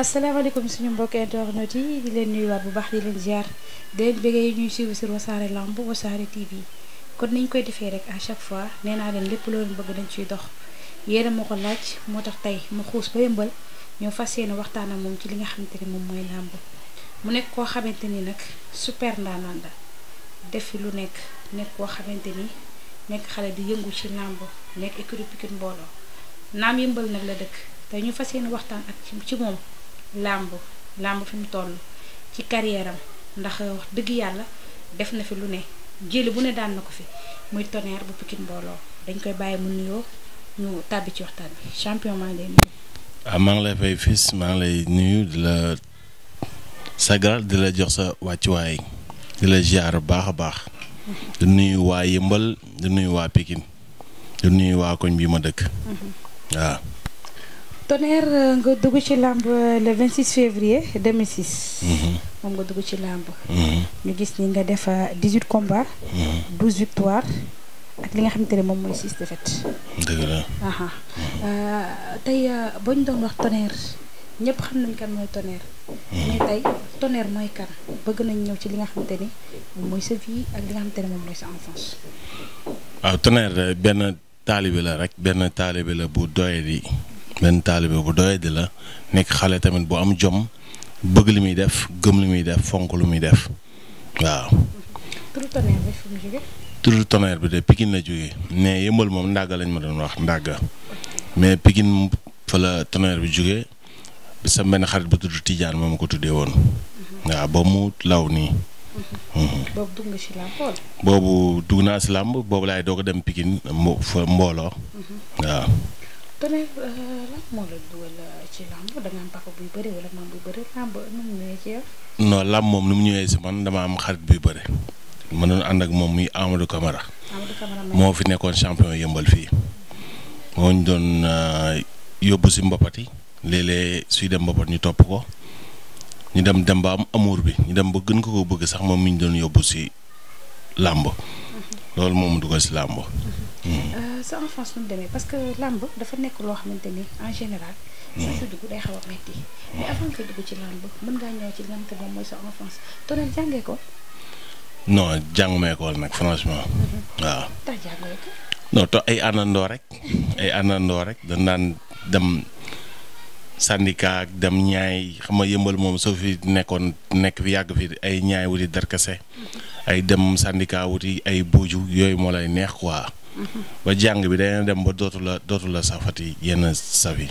asalaamaaleykum suñu mbokk internet yi di leen nuyuwaat bu baax di leen ziar di leen bëggee yi ñuy suivre sur wasaare lamb wasaare TV kon niñ koy defee rek à chaque fois nee naa leen lépp loolu bëgg dañ ciy dox yéena ma ko laaj moo tax tey ma xuus yëmbal ñoo fas yéene waxtaan ak moom ci li xamante ni moom mooy làmb mu nekk koo xamante ni nag super ndaanaan la def fi lu nekk nekk koo xamante ni nekk xale di yëngu ci làmb nekk écurie Pikine mbooloo naam yëmbal nag la dëkk te ñu fas yéene waxtaan ak ci moom. làmb làmb fi mu toll ci carrière ndax euh, dëgg yàlla def na fi lu ne jëli bu ne daan na ko fi muy Tonnerre bu Pikine mbooloo dañ koy bàyyi mu nuyoo ñu tàbbi ci waxtaan bi champion maa ngi lay nuyu. Ah, maa ngi lay fay fils maa lay nuyu di la sagal di la jox sa wàccuwaay di la ziar bu baax a baax. di nuyu waa Yëmbal di nuyu waa Pikine di nuyu waa koñ bi ma dëkk. Mhm. waaw. Tonnerre euh, nga dugg ci lamb euh, le 26 février 2006. Mhm. moom nga dugg ci làmb. Mhm. ñu gis ni nga def 18 euh, combats. 12 mhm. victoires ak li nga xamante ne moom mooy 6 défaites. dëgg la. tey boo doon wax Tonnerre ñëpp xam nañ kan mooy Tonnerre. mais tey Tonnerre mooy kan bëgg nañ ñëw ci li nga xamante ni moom mooy sa vie ak li nga xamante ne moom mooy sa enfance. waaw Tonnerre benn taalibe la rek benn taalibe la bu doyadi. men taalibe bu doye di la nekk xale tamit bu am jom bëgg li muy def gëm li muy def fonk lu muy def waaw. turu tonnerre bi de Pikine la jógee mais yëmbal moom ndàgg lañ ma doon wax ndàgg mais Pikine fa la tonnerre bi jóge sa benn xarit bu tudd Tidiane moom ko tuddee woon. Mm-hmm. waaw ba mu law nii. Mm-hmm. Mm-hmm. boobu dugg naa si làmb boobu laay doo ko dem Pikine mbooloo. waaw. tonné euh, lan euh, moom nu mu ñëwee si man dama am xarit buy bëri. ma doon ànd ak moom muy Amadou Camara. moo fi nekkoon champion yëmbal fii. moo ñu doon euh, yóbbu si mbapat yi léeg-léeg suy dem mbapat ñu topp ko ñu dem dem ba am amour bi ñu dem ba gën ko ko bëgg sax moom mi ñu doon yóbbu si làmb. Mhm. loolu moom dugal si làmb. Mhm. Euh, sa enfance nu demee parce que làmb dafa nekk loo xamante ni en général. Mm. Mm. sa enfance tonel jàngee ko. jànguma école nag franchement. Mm-hmm. waaw tax to ay àndandoo rek. ay àndandoo rek dañ daan dem. syndicat ak dem ñaay xam nga yëmbal moom soo fi nekkoon nekk fi yàgg fi ay ñaay wuti darkase mm-hmm. ay dem syndicat wuti ay buuju yooyu moo lay neex quoi ba jàng bi dana dem ba dootu la dootu la safati yenn saf mhm.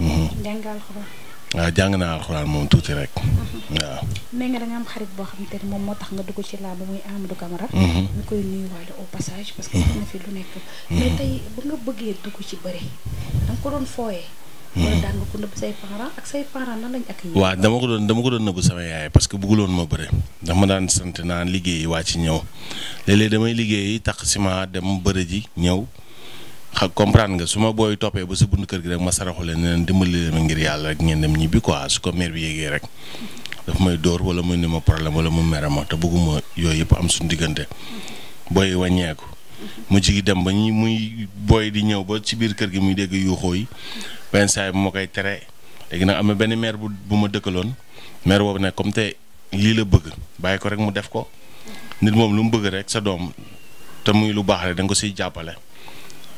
mhm. jàng alxuraan. waaw ah, jàng naa alxuraan moom tuuti rek. Mhm. waaw. nee nga da am xarit boo xamante ni moom moo tax nga dugg ci làmb muy Amadou Camara. ñu koy nuyuwaale au passage parce que. def na fi lu nekk. mais tey bu nga bëggee dugg ci bëri da ko doon fooyee. Hmm. waaw dama ko doon dama ko doon nëbb sama yaay parce que bëgguloon ma bëre dama ma daan sant naan liggéeyi waa ci ñëw léeg-léeg damay liggéeyi tax si ma dem bëre ji ñëw xa comprendre nga su ma booy toppee ba sa bunt kër gi rek ma saraxu leen ne leen dimbali leen ngir yàlla ngeen dem ñibbi quoi su ko mère bi yéegee rek daf may dóor wala muy ni ma problème wala mu mere ma te bëgguma yooyu yëpp am suñu diggante booy wàññeeku mm-hmm. mu jigi dem ba ñi muy booy di ñëw ba ci biir kër gi muy dégg yuuxoo yi benn saa yi bu ma koy tere léegi nag am na benn maire bu bu ma dëkkaloon maire boobu nag comme te lii la bëgg bàyyi ko rek mu def ko nit moom lu mu bëgg rek sa doom te muy lu baax rek danga ko siy jàppale.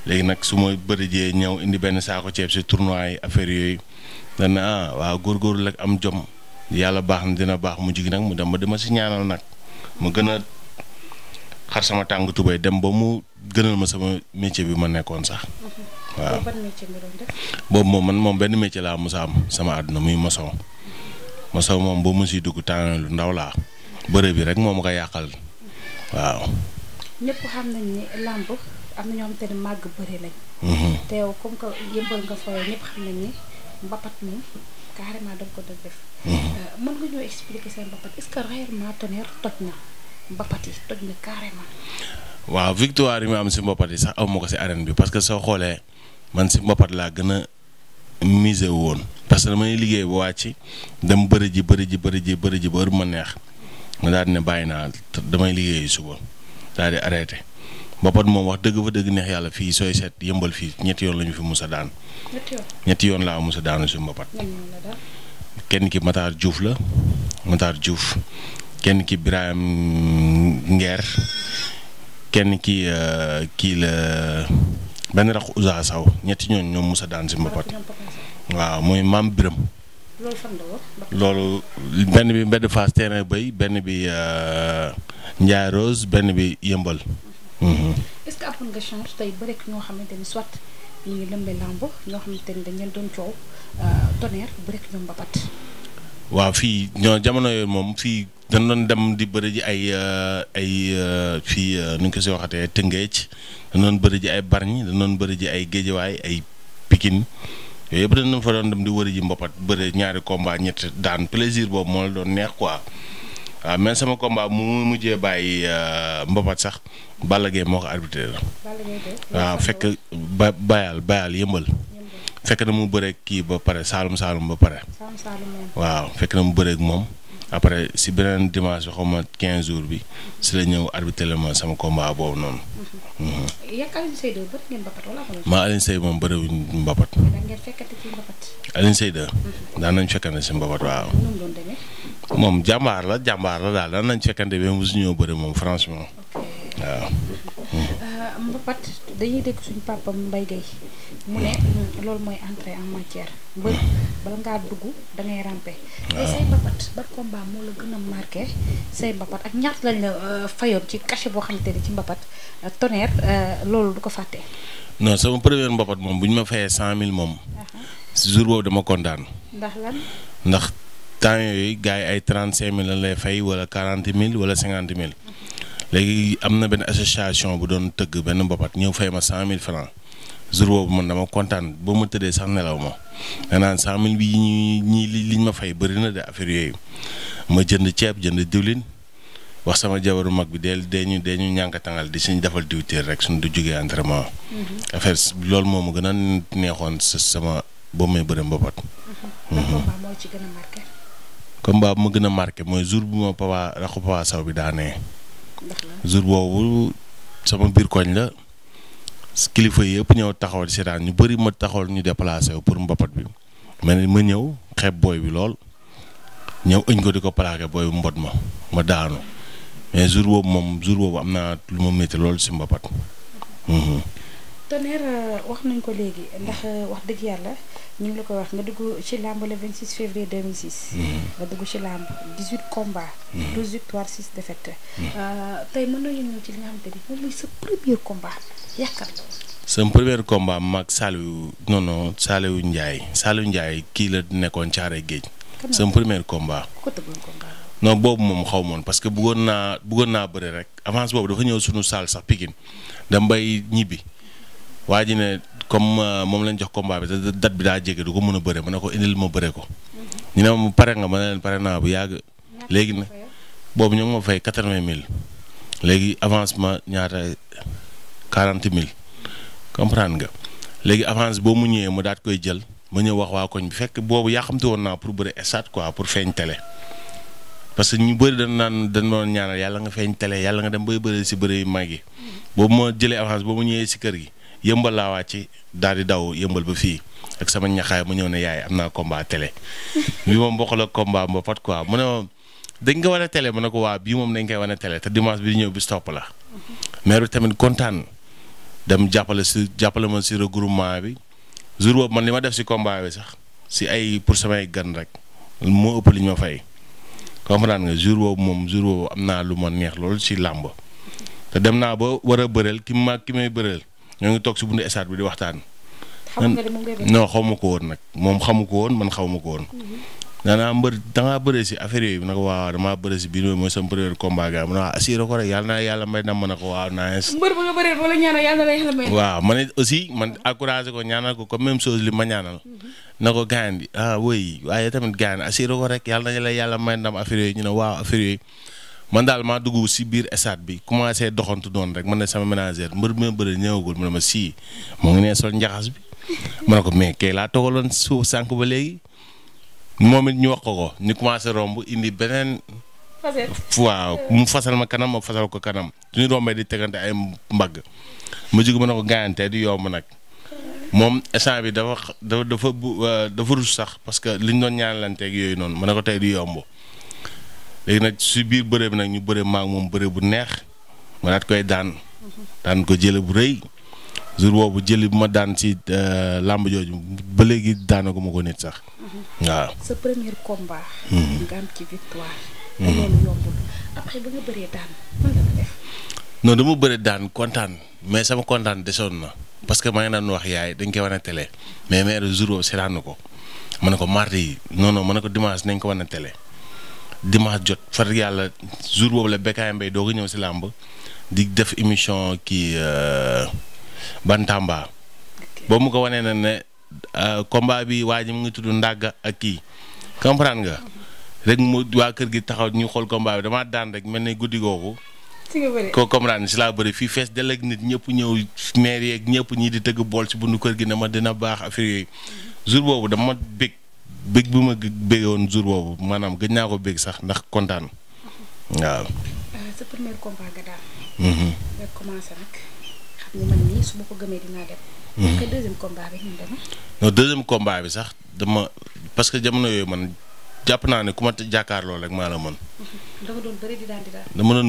léegi nag su ma bëri ñëw indi benn saako ceeb si tournoi yi affaire yooyu dana ah waaw góorgóorlu rek am jom yàlla baax na dina baax mu jigi nag mu dem ba dama si ñaanal nag mu gën a xar sama tàng tubéy dem ba mu gënal ma sama métier bi ma nekkoon sax. waaw boobu moom man moom benn métier laa mos am sama àdduna muy maçon maçon moom boo mos dugg temps ndaw laa bëre bi rek moo ma ko yàqal nañ am na mhm. mbapat moom carrément da ko def. Mhm. Euh, mën nga ñoo expliquer seen mbapat est toj na mbapat yi toj na carrément. waaw victoire yi mu am si mbapat yi sax aw ma ko si arène bi parce que soo xoolee. man si mbapat laa gën a misé woon parce que damay liggéey ba wàcc dem bëri ji bëri ji bëri ji bëri ji ba ma neex ma daal ne bàyyi naa damay liggéey suba daal di arrêté mbapat moom wax dëgg fa dëgg neex yàlla fii sooy seet yëmbal fii ñetti yoon la ñu fi musa daan ñetti yoon laa musa daanu si mbapat kenn ki Matar Diouf la Matar Diouf kenn ki Birahim Nguer kenn ki euh, kii la benn rax Ousa Saw ñetti ñooñu ñoom Moussa daan si mbapat waaw mooy maam Biram loolu benn bi mbedd Fass terrain benn bi euh, Ndiaye Rose benn bi Yëmbal. Mhm. est-ce que amoon nga chance ni soit ñu ngi lëmbee lamb ñoo xamante ni dañ leen doon coow euh, tonnerre ba rek ñoom waaw fii ñoo jamono yooyu moom fii dañ doon dem di bëri ji ay euh, ay euh, fii euh, nu ñu ko si waxatee Tëngéej dañ doon bëri ji ay Bargny dañ doon bëri ji ay Géejawaay ay Pikine yooyu yëpp dañ fa doon dem di wëri ji mbopat bëri ñaari combat ñett daan plaisir boobu moo la doon neex ko waaw mais sama combat mu mujjee bàyyi mbopat sax Balla Gaye moo ko arbitré la fekk ba bayal bayal yëmbal fekk na mu bëreeg kii ba pare Saalum Saalum ba pare. waaw fekk na mu bëreeg moom. après si beneen dimanche bi xaw ma 15 jours bi si la ñëw arbitré ma sama combat boobu noonu. Mhm. Mhm. yàq Alioune Seye bëri ngeen mbapat wala maa Alioune Seye moom bëriwuñ mbapat. ngeen fekkati ci mhm. nañ fekkante si mbapat waaw. moom jàmbaar la jàmbaar la daal daan nañ fekkante bi mosu ñëw bëri moom franchement waaw. mbapat dañuy dégg suñu papa Mbaye Gueye mu ne hmm, loolu mooy entrée en matière mbër bala ngaa dugg da ngay say mbapat ban combat moo la gën a marqué say mbapat ak ñaata lañ la euh, fayoon ci cachet boo xamante ne ci mbapat euh, tonnerre euh, loolu du ko fàtte. non sama première mbapat moom bu ñu ma fayee cent mille moom. Uh-huh. jour boobu dama kontaan. ndax lan ndax temps yooyu gars yi ay trente cinq mille lañ lay fay wala quarante mille wala cinquante mille. Uh-huh. léegi am na benn association bu doon tëgg benn mbapat ñëw fay ma cent mille francs jour boobu man dama kontaan boo ma tëddee sax nelaw ma nee naa cent bi ñi ñii liñ ma fay bëri na de affaire yooyu ma jënd ceeb jënd diwlin wax sama jabaru mag bi deel dee ñu dee ñu di suñ defal diwtiir rek suñ du jógee entraînement. Mm-hmm. affaire loolu moom mu gën a neexoon sama boo may bëre mbapat. Mm-hmm. Mm-hmm. combat moo bu ma gën a marqué mooy jour bu ma papa raxu papa saw bi daanee. jour boobu sama biir koñ la kilifa yëpp ñëw taxawal seetaan ñu bëri ma taxawal ñu déplacé wu pour mboppat bi ma ne ma ñëw xeeb booy bi lool ñëw ëñ ko di ko plaqué booy bu mbot ma ma daanu mais jour boobu moom jour boobu am naa lu ma métti lool si mboppat mhm. Euh, euh, wax dëgg yàlla la koy wax nga dugg ci làmb le 26 février 2006. Mm-hmm. nga dugg sa premier combat mag Saliou non non Saliou Ndiaye Saliou kii la nekkoon Thiaré Géej. sa premier combat. ko boobu moom xaw moon parce que bëggoon naa bëggoon naa bëre rek avance boobu dafa ñëw sunu saal sax Pikine dam ñibbi. waa ji ne comme euh, moom lañ jox combat bi te date bi daa jege du ko mën a bëre ma ne ko indil ma bëre ko. Mhm. ñu ne ma pare nga mën ne leen pare naa bu yàgg. léegi nag boobu ñoo ngi ma fay quatre-vingt mille. léegi avancement ñaata quarante mille comprendre nga léegi avance boo mu ñëwee ma daat koy jël ma ñëw wax waa koñ bi fekk boobu yaa xamte woon naa pour bëri esat quoi pour feeñ tele parce que ñu bëri dañ naan dañ doon ñaanal yàlla nga feeñ tele yàlla nga dem bay bëri si bëri yi mag yi mhm. boobu ma jëlee avance boobu mu ñëwee si kër gi yëmbal laa wàcc daal di daw yëmbal ba fii ak sama ñaxaay ma ñëw ne yaay am naa combat télé bi moom bokkul ak combat ba pat quoi mu ne ma dañ nga wane télé ma ne ko waa bii moom dañ koy wane télé te dimanche bi di ñëw bis topp la. Mhm. tamit kontaan dem jàppale si jàppale ma si regroupement bi jour man li ma def si combat bi sax si ay pour samay gan rek moo ëpp li ñu ma fay. comprendre nga jour boobu moom jour boobu am naa lu ma neex loolu ci làmb te dem naa ba war a bëreel ki ma ki may bëreel. ñoo ngi toog si buntu stade bi di waxtaan. non xaw ma ko woon nag moom xamu ko woon man xaw ma ko woon. Mhm. naa mbër dangaa bëre si affaire yooyu nag waaw damaa bëre si biir mooy sama premier combat ga mu ne ko rek yàlla na ma ne ko waaw naa yees. ko ñaanal ko comme même li ma ñaanal. Mhm. na ko gaañ bi ah oui waaye tamit gaañ assuré ko rek yàlla na la yàlla may ndam affaire yooyu ñu ne waaw affaire yooyu. man daal maa dugg si biir stade bi commencé doxantu doon rek mën na sama ménagère mbër mi ma bëri ñëwagul mu ma sii moo ngi nee sol njaxas bi ma ne ko mais kay laa toogaloon suuf sànq ba léegi moom it wax ko ko ñu commencé romb indi beneen. waaw mu fasal ma kanam ma fasal ko kanam suñu rombee di tegante ay mbagg ma jóg ma ne ko gaayante du yomb nag moom instant bi dafa dafa dafa euh, dafa rus sax parce que liñ doon ñaanalanteeg yooyu noonu mën na ko tey du yomb. léegi nag si biir bëre bi nag ñu bëre maak moom bëre bu neex ma daat koy daan daan ko jële bu rëy jour bu jëli bu ma daan si euh, làmb jooju ba léegi daanagu ma ko nit sax mhm. waaw. sa premier mhm. mhm. daan dama bëri daan kontaan mais sama kontaan desoon na parce que maa ngi daan wax yaay dañ koy war wane tele mais maire jour boobu seetaan na ko ma ne ko mardi yi non non ma ko dimanche nañ ko wane télé. dimanche jot far yàlla jour boobu la Bécaye Mbaye doo ko ñëw si làmb di def émission kii euh, Bantamba. ba mu ko wanee na ne euh, combat bi waa ji mu ngi tudd ndagg ak kii comprendre nga. rek mu waa kër gi taxaw ñuy xool combat bi damaa daan rek mel na guddi kooku ko comprendre si laa bëri fii fees dell ak nit ñëpp ñëw maire yeeg ñëpp ñii di tëgg bool si bundu kër gi ne ma dina baax affaire yooyu jour boobu dama bég bëgg bu ma bëggee woon jour boobu maanaam gëj naa ko bëgg sax ndax kontaan waaw. Euh, sa premier mhm. su ma ko gëmee dinaa dem. parce mhm. bi sax dama parce que jamono yooyu man jàpp naa ne ku ma jàkkaarloo rek maa la mën. Mhm. dama doon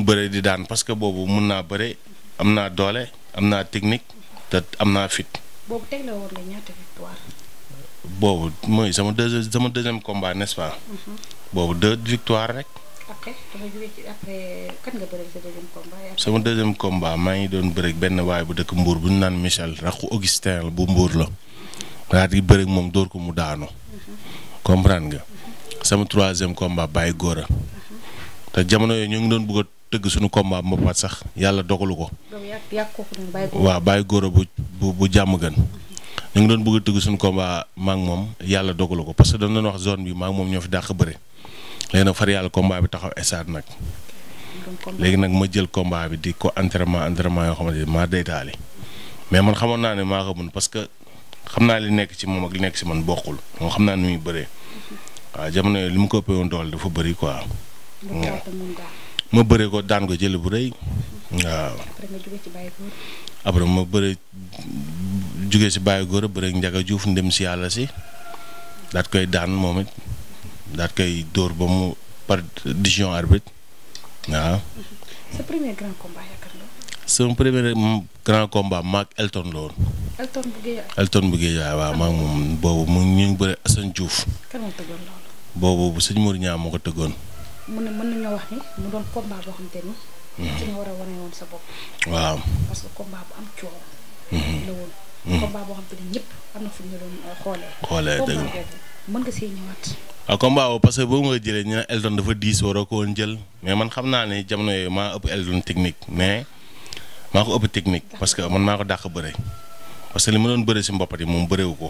bëre di daan di parce que boobu mun naa bëre am naa doole am naa technique te am naa fit. boobu mooy sama deuxième sama deuxième combat nest mm-hmm. boobu deux victoire rek. sama deuxième combat maa ngi doon bëri benn waay bu dëkk Mbour bu ñu naan Michel raxu Augustin bu Mbour la. daal di bëri moom dóor ko mu daanu. Mm-hmm. comprendre nga. Mm-hmm. sama troisième combat bàyyi góora te jamono yooyu ñu ngi doon bugg a tëgg suñu combat mbapat sax yàlla dogalu ko. waaw bàyyi góor bu bu bu jàmm gën. ñu ngi doon bëgg a tëgg suñu combat maak moom yàlla ko parce que dañ doon wax zone bi maak moom ñoo fi dàq bëre léegi nag bi taxaw estade nag. léegi nag ma jël combat bi di ko entraînement entraînement yoo xamante ni maa deytaali mais man xamoon naa ne maa ko mën parce que xam naa li nekk ci moom ak li nekk ci man bokkul moom xam naa ni muy bëree waaw jamono li mu ko ëppee woon doole dafa bëri quoi. ma bëree ko daan ko jël bu rëy. waaw après ma bëree jugee si bàyyi góor a bëreeg Ndiaga Diouf ndem si yàlla si daat koy daan moom it daat koy dóor ba mu par décision waaw. sa premier grand combat yaakaar Elton la woon. Elton bu Guédiawaye. waaw maag moom boobu mu ngi bëre Assane Diouf. boobu sëñ Mourou Niang moo ko tëggoon. mu ne mën nañoo wax ni mu doon combat boo xamante ni. ci mhm. nga war a wane woon sa bopp. waaw parce combat bu am coow. Mhm. la woon. Mm-hmm. combat boo xam te ne ñëpp am na fu euh, xoolee. xoolee dëgg mën nga ah, boobu nga jëlee ñu ne Elton dafa diis waroo ko woon jël mais man xam naa ni jamono yooyu maa ëpp Elton technique mais maa ko ëpp technique. parce que man maa ko dàq bëre. parce que li ma doon bëre si mbapat yi moom bërewu ko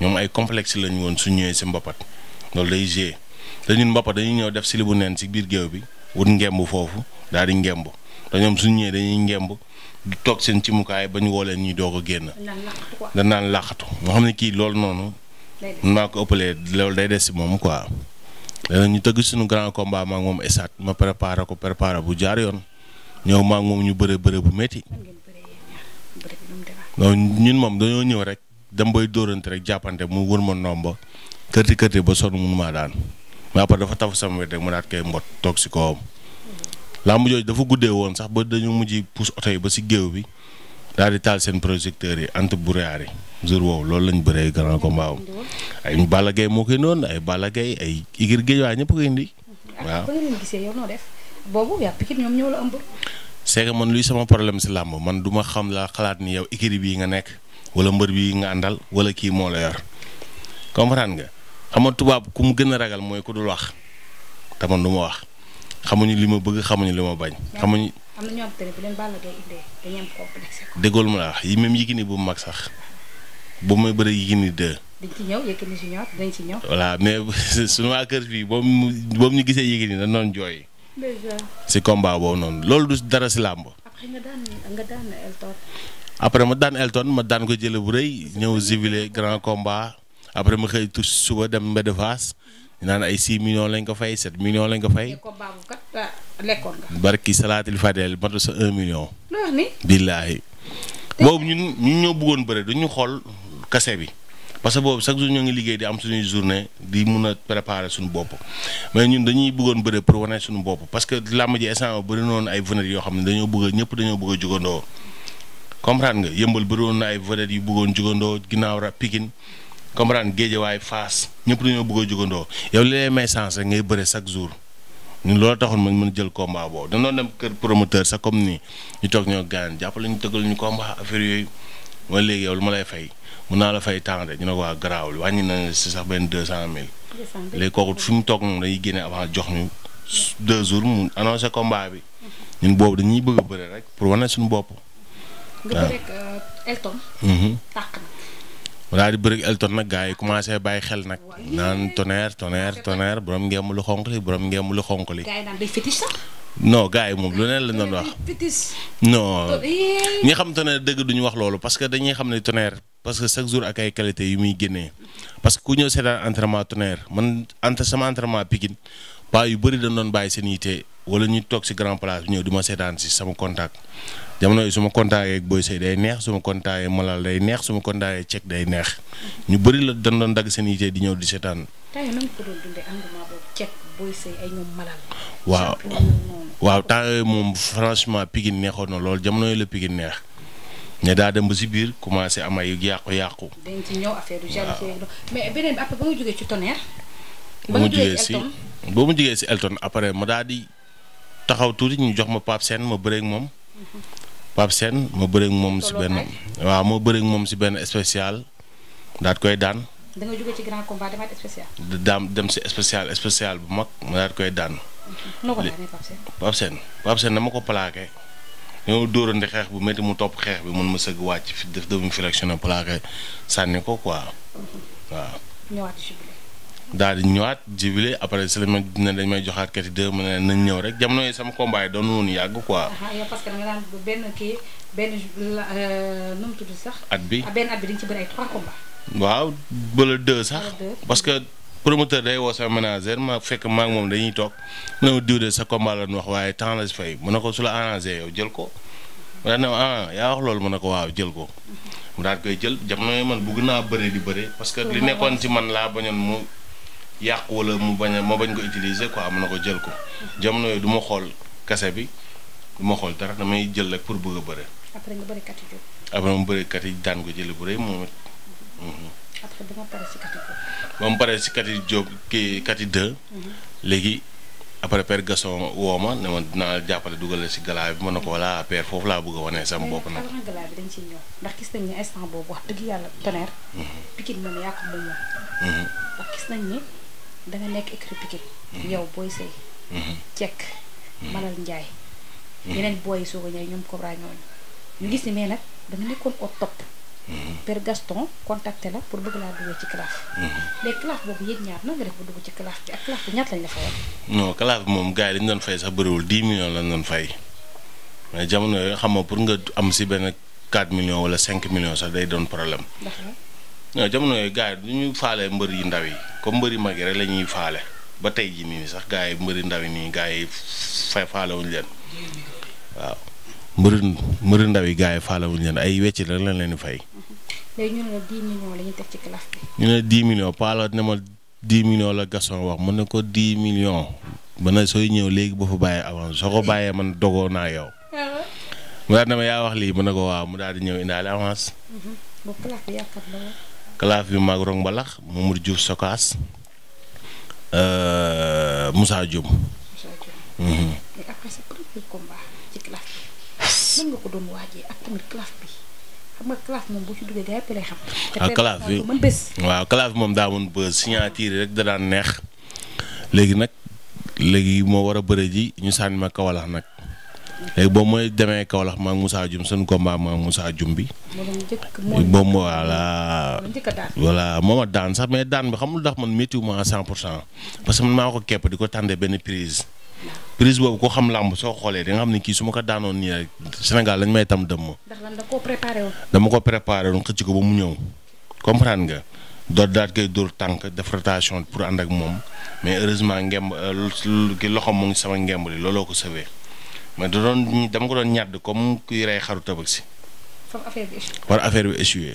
ñoom ay complexe lañu woon su ñëwee si mbapat loolu day gérer te ñun dañuy ñëw def si li neen si biir géew bi wut ngemb foofu daal di ngemb te ñoom suñu ñëwee dañuy ngemb toog seen ci mukaay ba ñu woo leen ñuy doog a génn. dañ naan làqatu moo xam ne kii loolu noonu. maa ko ëppalee loolu day des si moom quoi. léegi euh, ñu teg suñu grand combat maa ngi moom esaat ma préparé ko préparé bu jaar yoon ñëw maa moom ñu bëre bëre bu métti. donc ñun moom dañoo ñëw rek dem bay dóorante rek jàppante mu wër ma nomba kërti kërti ba sonn mënumaa daan mais après dafa tafu sama wet rek ma daat koy mbot toog si kawam. làmb jooju dafa guddee woon sax ba dañu mujj pousse oto yi ba si géew bi daal di taal seen projecteurs yi ant buriaari jour woowu loolu lañu bëree grand ko am ay Balla gay moo koy noonu ay Balla Gaye ay igir géej waaye ñëpp koy indi waaw. nga man luy sama problème si làmb man du ma xam laa ni yow igir bii nga nekk wala mbër bi nga àndal wala kii moo la yor comprendre nga xam nga tubaab ku mu gën a ragal mooy ku dul wax te man du wax. xamuñu li ma bëgg xamuñu li ma bañ. xamuñu am ma la wax yi même Yékini bu mag sax bu may bëre Yékini deux. dañ ci ñëw Yékini junior dañ ci ñëw. mais suñu waa boobu mu boobu ñu gisee Yékini dañ doon jooy. si combat boobu noonu loolu du dara si làmb. après ma daan Elton ma daan ko jëlee bu rëy ñëw zivilé grand combat après ma xëy tuuti suba dem Mbédéfaas. ñu naan ay 6 millions lañ ko fay 7 millions lañ ko fay. lekkoon ah, nga. barki salaatil fadel matu sa 1 million. loo ni. billaahi. boobu ñun ñun ñoo bëggoon bëre du ñu xool kase bi parce que boobu chaque jour ñoo ngi liggéey di am suñuy journée di mun a préparer suñu bopp mais ñun dañuy bëggoon bëre pour wane suñu bopp parce que làmb ji instant bëri noonu ay vedettes yoo xam ne dañoo bëgg ñëpp dañoo bëgg a jugandoo nga yëmbal bëri woon na ay vedettes yu bëggoon jugandoo ginnaaw ra comme comprendre géejewaay faas ñëpp dañoo bëgg a jugandoo yow li lay may chance rek ngay bëre chaque jour ñun loolu taxoon man mën jël ma boobu dañu doon dem kër promoteur sax comme nii ñu toog ñoo gaan jàppale ñu tëggal ñu combat affaire yooyu mooy léegi yow ma lay fay mun naa la fay temps ñu ne ko waa garaawul wàññi na si sax benn deux cent mille. léegi kooku fi mu toog moom dañuy génne avant jox ñu deux jours mu annoncé combat bi ñun boobu dañuy bëgg a bëre rek pour wane suñu bopp. waaw euh, mu daal di bëri Elton nag gars yi commencé bàyyi xel nag naan tonnerre tonnerre tonnerre ngee mu lu xonq li borom ngeem lu xonq li. gars yi yi moom lu neen lañ doon wax. non ñi xam tonnerre dëgg duñu wax loolu parce que dañuy xam ne tonnerre parce que chaque jour ak ay qualité yu muy génnee parce que ku ñëw seetaan entraînement Tonnerre man entre sama entraînement Pikine paa yu bëri dañ doon bàyyi seen yitte wala ñu toog si grand place ñëw di ma seetaan si sama contact jamono yi suma ma contactee ak Boy Sey day neex suma ma contactee Malal day neex su ma contactee Cek day neex ñu bëri la dañ doon dagg seen yitte di ñëw di seetaan. tey nan ko doon dundee waaw waaw temps yooyu moom franchement Pikine neexoon na lool jamono yi la Pikine neex. ne daa dem ba si biir commencé am ay yàqu-yàqu. dañ ci ñëw affaire mais ba nga jógee ci si ba mu jógee Elton après ma daal di taxaw tuuti ñu jox ma Pape Sène ma bëree moom. Mhm. Pape Sène ma bëree moom si benn. waaw ma bëree moom si benn spécial daal koy daan. da nga daam dem si spécial spécial bu mag ma daal koy daan. Mhm. noo ko daanee dama ko plaqué. ñoo dóorandi xeex bu métti mu topp xeex bi mun ma sëgg wàcc fi def demi flexion plaqué sànni ko quoi waaw. daal di ñëwaat jibile après si la ma dina dañ may joxaat kati deux ma ne nañ ñëw rek jamono yi sama combat doon woon yàgg quoi. Ah, ah, parce euh, at bi ah, benn at bi sax. parce promoteur day woo sa manager ma fekk maa ngi moom dañuy toog mu ne ma diw de sa combat la ñu wax waaye temps la si fay mu ne ko su la arrangé yow jël ko mu daan ne ah yaa wax loolu mu ne ko waaw jël ko mu daal koy jël jamono man bugg naa bëre di bëre parce que li nekkoon si man laa bañoon mu yàq wala mu bañ a ma bañ ko utiliser quoi mu ne ko jël ko jamono yooyu du ma xool kase bi du ma xool dara damay jël rek pour bëgg a bëre. après mu bëri kat yi jóg. après ma daan ko jëlee bu rëy moom it. Mhm. après ba ma paree si kati ba ma paree si kati Diop kii kati 2. Mm-hmm. léegi après père Gasson woo ma ne ma dinaa jàppale dugal si galaa bi ma ne ko voilà père foofu laa bëgg a wane sama ndax gis nañ ne instant boobu wax dëgg yàlla tonnerre. Mm-hmm. Pikine moom yaa ko moom moom. Mm-hmm. ndax gis nañ ne da nekk écrit Pikine. yow booy sëy. Cekk. Malal Ndiaye. yeneen booy yi soog a ñoom Cobra ñooñu. ñu gis ni mais nag da nekkoon au Père Gaston contacté la pour bëgg laa duggee ci classe. Mhm. mais classe boobu yéen ñaar nan nga def ba dugg ci classe bi ak classe bi ñaata lañ la fayal. non moom gars yi dañu doon sax bëriwul 10 millions lañ doon fay mais jamono xam nga pour nga am si benn 4 millions wala 5 millions sax day doon problème. ndax jamono gars yi du ñu faale mbër yu ndaw yi comme mbër yu mag yi rek lañuy ñuy faale ba tey ji nii sax gars yi mbër ndaw yi nii gars yi fay faale wuñ leen waaw. mbër mbër ndaw yi gars yi faalawuñ leen ay wecc la lañ leen di fay. ñu ne la 10 millions la ñuy def millions la Gaston wax mën na ko 10 millions ba na sooy ñëw léegi ba fa bàyyee avance soo ko bàyyee man dogoo naa yow. Ah. mu daal dama yaa wax lii mën na ko waaw mu daal di ñëw indaale avance. Mhm. boobu classe bi yaakaar naa la. mag Rong Mbalax Mamadou Diouf Sokaas euh, Moussa mhm. nan nga bi moom boo ci duggee gars yëpp lay waaw claf moom daa mën ba rek da daan neex léegi nag léegi moo war a bëre ji ñu sànni ma Kaolack nag léegi boobu mooy demee Kaolack ma ak Moussa Dioum seen combat ma ak Moussa Dioum bi. moom voilà voilà moom a daan sax mais daan bi xamul ndax man méttiwuma à pour cent parce que man maa ko képp di ko tànde benn prise. prise boobu ko xam làmb soo xoolee di nga xam ne kii su ma ko daanoon nii rek Sénégal lañ may tam dëmm. dama ko préparé woon xëcc ko ba mu ñëw comprendre nga door daal koy dóor tànk def rotation pour ànd ak moom mais heureusement ngemb euh, ki loxo mu ngi sama ngemb li looloo ko sauvé mais da doon ko doon ñàdd comme kuy rey xaru tabaski. comme affaire bi échoué. war affaire bi échoué.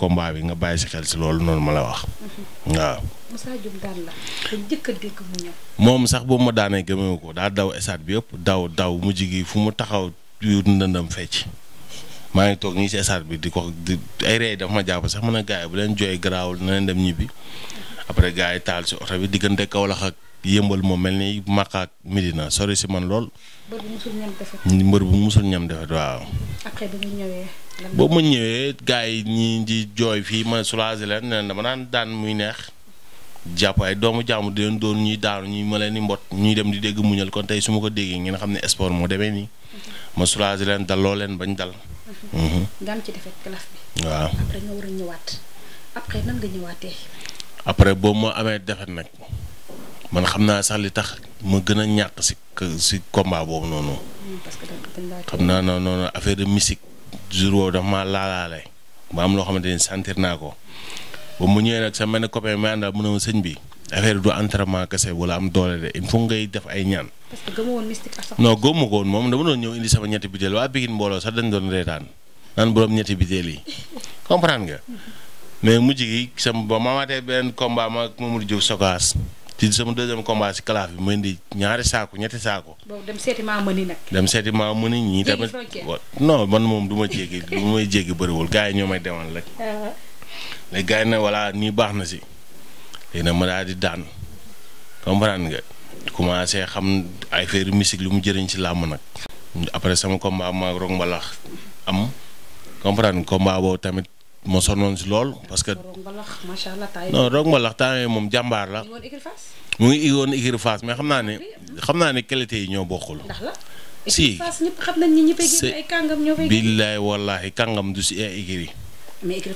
Mhm. bi nga bàyyi si xel si loolu noonu ma la wax. Mhm. waaw. Moussa Dioum daan mu moom sax boobu ma daanee gëmewu ko daa daw esaat bi yëpp daw daw mu gi fu mu taxaw yuur ndëndam fecc maa ngi toog nii si esaat bi di ko di ay rey dafa ma jàpp sax mën a gars bu leen jooy garaawul na leen dem ñibbi après gars yi taal si oto bi diggante Kaolack ak yëmbal moom mel ni Makka ak Medina sori si man lool. mbër bu musul ñam defet. mbër ñam defet waaw. après ma ñëwee gars yi ñii jooy fii ma soulager leen ne dama naan daan muy neex. jàpp ay doomu jaamu di leen doon ñuy daanu ñuy ma leen di mbot ñuy dem di dégg muñal kon tey su ma ko déggee ngeen xam ne sport moo demee nii. ma soulager leen daloo leen bañ dal. Mhm. nga am ci defet après boobu moo amee defet nag man xam naa sax li tax ma gën a ñàkk si si combat boobu noonu. Hmm, xam naa non affaire de musique jour woowu dafa maa laalaale ba am loo xamante ni sentir naa ko. ba mu ñëwee nag sa mel ne copain ma àndal mu ne ma sëñ bi affaire du entraînement kese wala am doole de il faut def ay ñaan. parce que gëmu woon moom dama doon ñëw indi sama ñetti biteel waa Pikine mbooloo sax dañ doon reetaan ñetti biteel yi comprendre nga. Mhm. mais mujj gi sama ba benn combat ma ak Mamadou Diouf Sokaas ci sama deuxième combat ma indi ñaari saako ñetti saako. boobu dem seeti ñii man moom du ma jéggi du may jéggi bëriwul gars yi ñoo may demal rek. Uh-huh. léegi gars yi ne voilà nii baax na si léegi nag ma daal di daan comprendre nga commencé xam ay affaire musique lu mu jëriñ si làmb nag. après sama combat ma Rock Mbalax am nga combat boobu tamit ma sonnoon si lool parce que. Rock Mbalax jàmbaar la. mu ngi woon Ikir mais xam naa ne xam naa ni qualité yi ñoo bokkul. si Ikir Fass kàngam du si ay Ikir mais écurie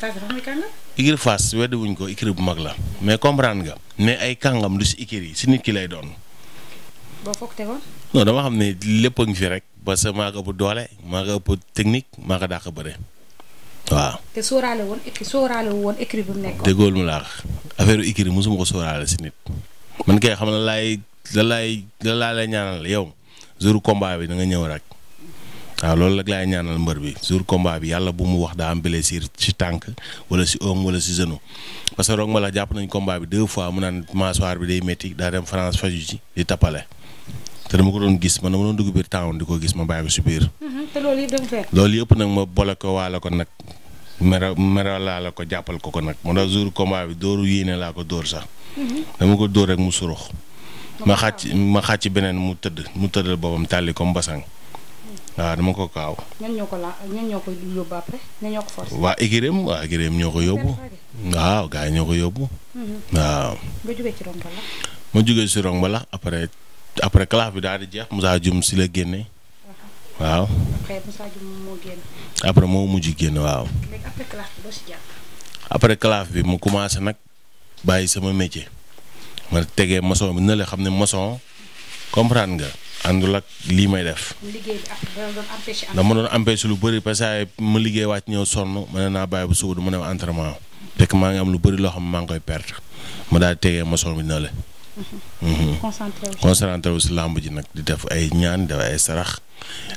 Fass ko écurie bu mag la mais comprendre nga mais ay kàngam du si écurie yi si nit ki lay doon. boo foog tegoon. non dama xam ne lépp rek parce que doole maa ko ëpp technique maa ko dàq bëre waaw. mu nekkoon. ko sóoraale si nit man kay xam la laay la laay la ñaanal yow jour combat bi da ñëw rek. waaw loolu la laay ñaanal mbër bi jour combat bi yàlla bu mu wax daa am blessure si tànk wala si oom wala si genou parce que roog ma la jàpp nañ kombaa bi deux fois mu naan mâchoire bi day métti daa dem France faju ci tappale dama ko doon gis man dama doon dugg biir town di ko gis ma bàyyi si biir. Mhm, yëpp nag ma boole ko waala ko nag mera mera laa ko jàppal ko ko nag moo tax jour bi dóoru yéene laa ko dóor sax. Mhm. dama ko dóor rek mu surux. ma xàcc ma xàcc beneen mu tëdd mu tëddal boppam tàlli kom basang waaw ah, dama ko kaaw. waa Igiréem waa Igiréem ñoo ko yóbbu. waaw gars yi ñoo ko yóbbu. Mm-hmm. waaw. nga jógee ci ma jógee ci rong bala après après bi daal di jeex Moussa Dioum si la génne. Uh-huh. waaw. après moo génn. après moo génn waaw. après classe bi mu commencé nag bàyyi sama métier ma tegee maçon bi na la xam ne maçon comprendre nga. àndul ak lii may def. dama doon empêché lu bari parce que ma liggéey wàcc ñëw sonn ma ne naa bàyyi bu suba du ma dem entraînement fekk maa ngi am lu bari loo xam ne maa ngi koy perte ma daal di tegee ma sonn bi dina la. Mhm. concentré wu si làmb ji nag di def ay ñaan def ay sarax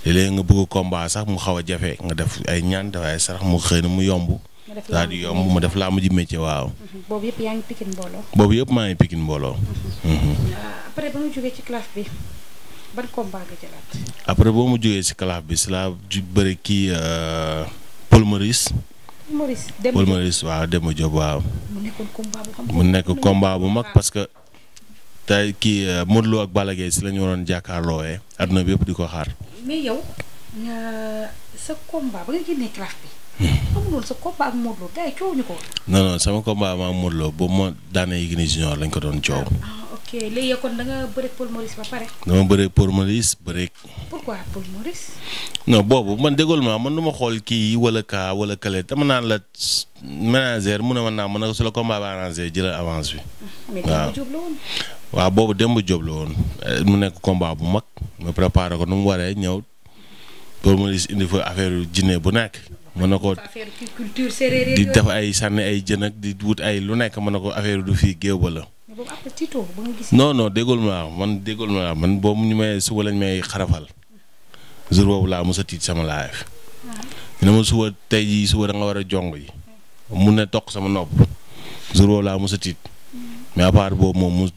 léeg-léeg nga bëgg combat sax mu xaw a jafe nga def ay ñaan def ay sarax mu xëy na mu yomb. daal di yomb mu def làmb ji métier waaw. Mhm. boobu yëpp maa ngi Pikine mbooloo. Mhm. après boo ma jógee si kalaaf bi si laa ju bëri kii euh, Paul Maurice. Paul Maurice waaw Demba Diop waaw. mu nekk combat bu mag parce que. tey kii euh, Modou Lo ak Balla si la ñu waroon jàkkaarloowee eh, àdduna bi yëpp di ko xaar. mais sama combat ma ak Modou boobu moo daanee Yékini Junior lañ ko doon coow. Ah, dama bëre pour Maurice bëre. pourquoi boobu man déggoo ma man du ma xool kii wala kaa wala kale dama naan la manager mu ne ma naa ma ne su la combat bi arrangé jëlal avance bi. Ah, waaw waaw boobu démb jóob la woon eh, mu nekk combat bu mag ma préparé ko nu mu waree ñëw Paul Maurice indi fa affaire yu jinne bu nekk. mën na ko di def ay sànni ay jën ak di wut ay lu nekk mën na ko affaire du fii géew ba la. non non déggul ma man déggul ma man boobu ñu ma suba lañ may xarafal jour boobu laa mos tiit sama live ne ma suba tey jii suba da war a jong yi mun na toq sama nopp jour boobu laa mos a tiit mais à boobu moom mos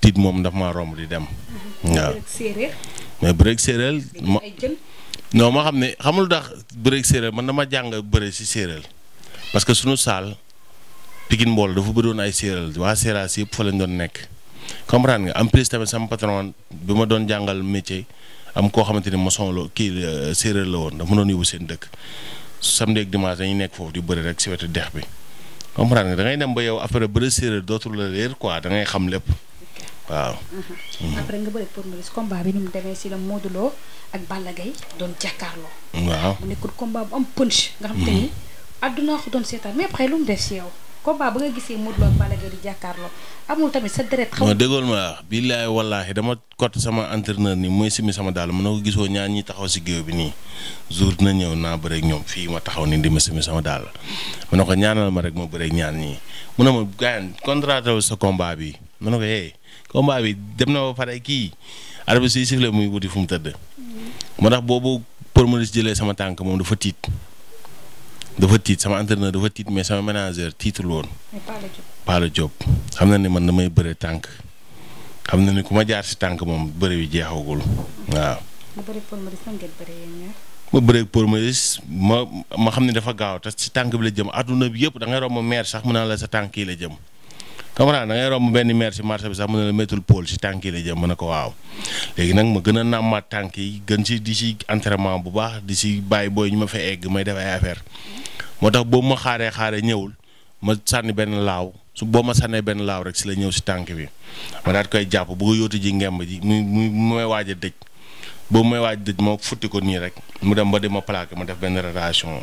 tiit moom daf ma romb di dem. mais bëreeg séeréer ma non ma xam ne xamul tax bëreeg séeréer man dama jàng bëre si séeréer parce que sunu saal Pikine mbool dafa bëri woon ay séeréer waa séeréer si yëpp fa lañ doon nekk comprendre nga en plus tamit ma doon jàngal métier am koo xamante ni maçon la kii euh, séeréer la woon dafa doon yóbbu seen dëkk samedi ak dimanche dañuy nekk foofu di bëri rek si wetu dex bi comprendre nga da ngay dem ba yow après bëri séeréer dootul la quoi da ngay xam lépp waaw. Uh-huh. Mhm. après nga bëri pour Maurice Lo ak Balla Gaye doon jàkkaarloo. waaw mu nekkul combat mhm. lu mu def si yow. combat ba nga gisee Modou Lo ma wax billaay wallaahi dama cote sama entraîneur ni mooy simi sama daal mën na ko gisoo ñaar ñi taxaw si géew bi nii jour dina ñëw naa bëreeg ñoom fii ma taxaw nii di ma simi sama daal mën na ko ñaanal ma rek ma bëreeg ñaan ñii mu ne ma gaañ contraté sa combat bi mën na ko hey eh, combat bi dem na ba pare kii arbitre bi sifflé muy wuti fu mu tëdd. Mm-hmm. moo tax boobu pour ma jëlee sama tànk moom dafa tiit. dafa tiit sama entraîneur dafa tiit mais sama manager tiitul woon. pas le xam na ne man may bëre tànk xam na ni ku ma jaar si tànk moom bëre bi jeexagul waaw. ma bëre Paul Maurice ma bëre ma xam ne dafa gaaw te si tànk bi la jëm adduna bi yëpp da ngay romb maire sax mën naa la sa tànk yi la jëm. xam nga da ngay romb benn maire si marché bi sax mën na la méttul Paul si tànk yi la jëm mën na ko waaw léegi nag ma gën a nàmmaat tànk yi gën si di ci entraînement bu baax di si bàyyi booy ñu ma fa egg may def ay affaire moo tax boobu ma xaaree xaaree ñëwul ma sànni benn laaw su boo ma sànnee benn laaw rek si la ñëw si tànk bi ma daat koy jàpp bu ko yóotu ji ngemb ji mu mu may waaj a dëj boobu may waaj dëj ma futti ko nii rek mu dem ba di ma plaqué ma def benn réaction